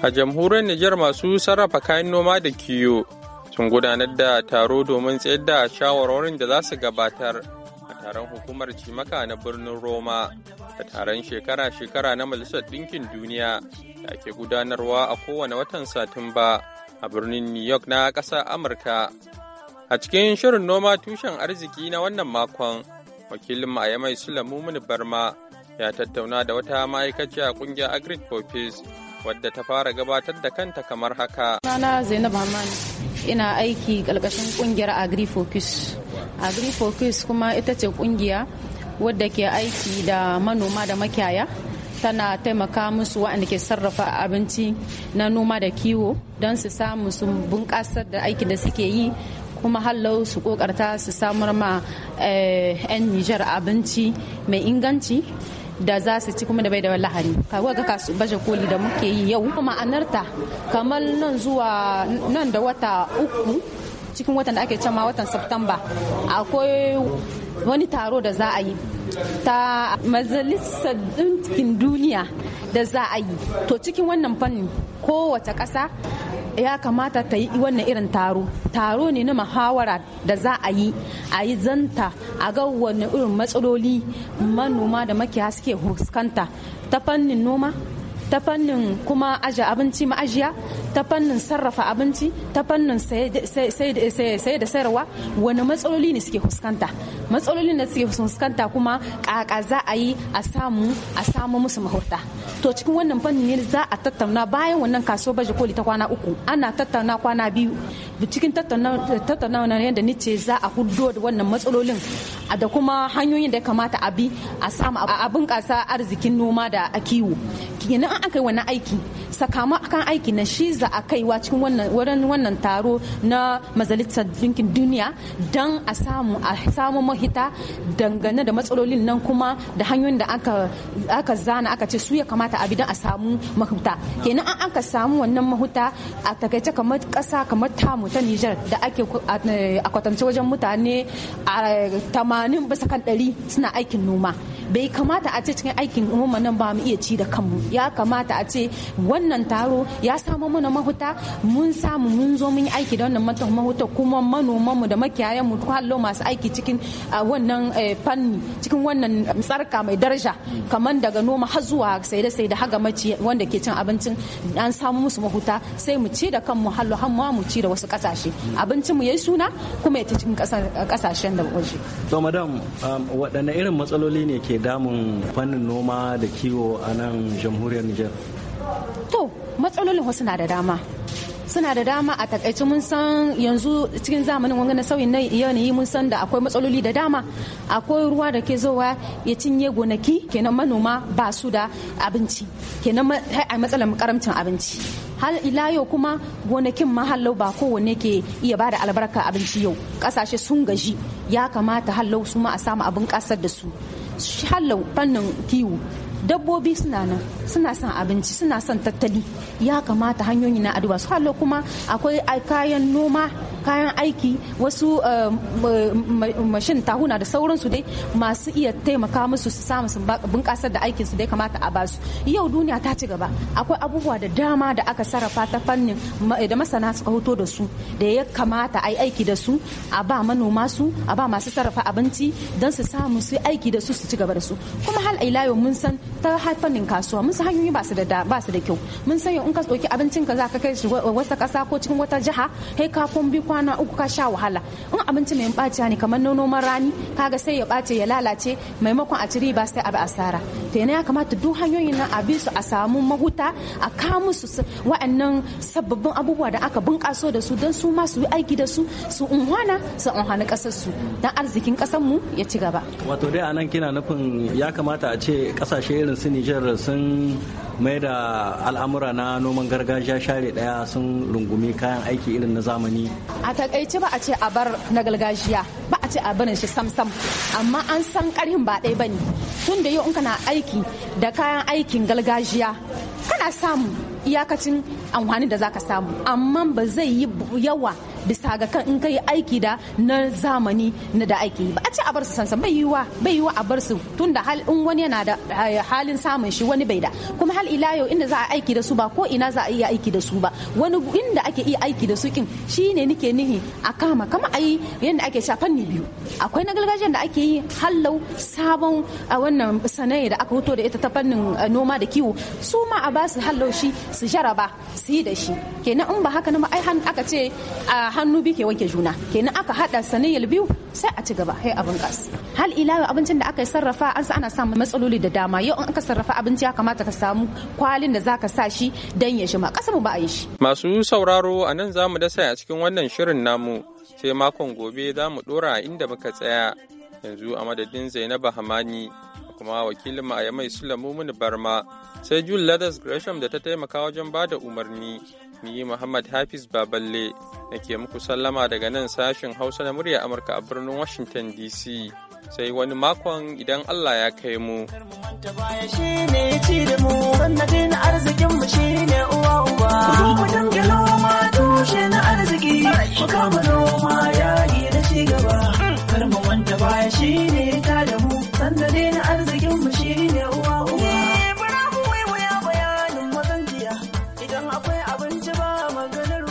A jamhuriyar Nijar masu sarrafa kayan noma da kiyo sun gudanar da taro domin tsayar da shawarwarin da za su gabatar a taron hukumar cimaka na birnin Roma a taron shekara-shekara na Majalisar Ɗinkin Duniya da ke gudanarwa a kowane watan Satumba a birnin New York na ƙasar Amurka. A cikin shirin noma tushen arziki na wannan makon, wakilin Mayamai Sulamu Barma ya tattauna da wata ma'aikaciya ƙungiyar Agric Office wadda ta fara gabatar da kanta kamar haka. Sana Zainab Hamani ina aiki ƙarƙashin ƙungiyar AgriFocus. AgriFocus kuma ita ce ƙungiya wadda ke aiki da manoma da makiyaya tana taimaka musu waɗanda ke sarrafa abinci na noma da kiwo don su samu su bunƙasar da aiki da suke yi kuma hallau su kokarta su samar ma eh, 'yan nijar abinci mai inganci da za su ci kuma da bai da lahani kawai ga kasu baje koli da muke yi yau ma'anarta kamar nan zuwa nan da wata uku cikin watan da ake cema watan Septamba akwai wani taro da za a yi ta majalisar ɗinkin duniya da za a yi to cikin wannan fanni kowace ƙasa ya kamata ta yi wannan irin taro taro ne na muhawara da za a yi a yi zanta a ga wani irin matsaloli manoma da makiya suke fuskanta ta fannin noma ta fannin kuma aje abinci ma'ajiya ta fannin sarrafa abinci ta fannin sai da sayarwa wani matsaloli ne suke fuskanta matsaloli ne suke fuskanta kuma kaka za a yi a samu a samu musu mahurta to cikin wannan fannin ne za a tattauna bayan wannan kaso baje koli ta kwana uku ana tattauna kwana biyu cikin tattauna wannan yadda ni ce za a hudo da wannan matsalolin da kuma hanyoyin da ya kamata a bi a samu abin kasa arzikin noma da kiwo kenan an aka yi wannan aiki sakamakon aiki na shi za a kaiwa cikin wannan wannan taro na majalisar dinkin duniya don a samu a samu mahita dangane da matsalolin nan kuma da hanyoyin da aka zana aka ce su ya kamata a bi a samu mahuta kenan an aka samu wannan mahuta a takaice kamar kasa kamar tamu ta Nijar da ake a kwatance wajen mutane a 80 bisa kan 100 suna aikin noma bai kamata a ce cikin aikin umma nan ba mu iya ci da kanmu ya kamata a ce wannan taro ya samu mana mahuta mun samu mun zo mun yi aiki da wannan mahuta kuma manomanmu da makiyayanmu hallo masu aiki cikin wannan e, fanni cikin wannan tsarka mai daraja kamar daga noma har zuwa sai da sai da haga wanda ke cin abincin an samu musu mahuta sai mu ci da kanmu hallo har ma mu ci da wasu kasashe abincin mu yayi suna kuma ya ta cikin kasashen da waje to madam um, waɗanne irin matsaloli ne ke damun fannin noma da kiwo a nan jamhuriyar Nijar? To, matsalolin wasu na da dama. suna da dama a takaice mun san yanzu cikin zamanin wani na sauyin na yanayi mun san da akwai matsaloli da dama akwai ruwa da ke zowa ya cinye gonaki kenan manoma ba su da abinci kenan a matsalar karamcin abinci har ila yau kuma gonakin mahallau ba kowanne ke iya ba da albarka abinci yau kasashe sun gaji ya kamata hallau su ma a samu abin kasar da su hallau fannin kiwo dabbobi suna nan suna son abinci suna son tattali ya kamata hanyoyi na aduwa su hallo kuma akwai kayan noma kayan aiki wasu eh, mashin tahuna da sauransu dai masu iya taimaka musu su samu su bunƙasar da aikinsu dai kamata a basu yau duniya ta ci gaba akwai abubuwa da dama da aka sarrafa ta fannin da masana suka hoto da su da ya kamata a yi aiki da su a ba manoma su a ba masu sarrafa abinci don su samu su aiki da su su ci gaba da su kuma hal ila yau mun san ta fannin kasuwa mun san hanyoyi ba su da ba su da kyau mun san in ka ɗauki abincin ka za ka kai shi wata kasa ko cikin wata jiha kai ka bi kwana uku ka sha wahala in abinci mai bacewa ne kamar na noman rani kaga sai ya bace ya lalace maimakon a ci riba sai a bi asara to yana ya kamata duk hanyoyin nan a bi su a samu mahuta a ka musu wa'annan sababbin abubuwa da aka bunkaso da su don su ma su yi aiki da su su unhana su unhwani ƙasar su don arzikin kasar mu ya ci gaba wato dai anan kina nufin ya kamata a ce kasashe. irin su nijar sun mai da al'amura na noman gargajiya share daya sun rungumi kayan aiki irin na zamani a takaice ba a ce a bar na gargajiya ba a ce a barin shi sam-sam amma an san karhin ba ɗaya bane tun da yau in kana aiki da kayan aikin gargajiya kana samu iyakacin amfani da zaka samu amma ba zai yi yawa bisa ga kan in ka yi aiki da na zamani na da aiki ba a ce a bar su sansan bai yiwa bai yiwa a bar su tun da hal in wani yana da eh, halin samun shi wani bai da kuma hal ila yau inda za a aiki da su ba ko ina za a iya aiki da su ba wani inda ake iya aiki da su kin shine nike nihi a kama kama ayi yanda ake sha fanni biyu akwai na gargajiyan da ake yi hallau sabon a wannan sanayi da aka hoto da ita ta fannin eh, noma da kiwo su ma a ba su hallau shi su jaraba su yi da shi kenan in ba haka na ba ai aka ce a hannu biyu ke wanke juna kenan aka hada sanayyar biyu sai a ci gaba hai abin kas hal ila abincin da aka sarrafa an sa ana samun matsaloli da dama yau in aka sarrafa abinci ya kamata ka samu kwalin da zaka sa shi dan ya shima kasa mu ba a yi shi masu sauraro a nan zamu da sai a cikin wannan shirin namu sai makon gobe za mu dora inda muka tsaya yanzu a madadin Zainabu Hamani kuma wakilin mu a Yamai Sulamu Barma sai jul Ladas Gresham da ta taimaka wajen bada umarni ni Muhammad Hafiz Baballe nake muku sallama daga nan sashen Hausa na murya Amurka a birnin Washington DC. Sai wani makon idan Allah ya kai mu. Mu noma ya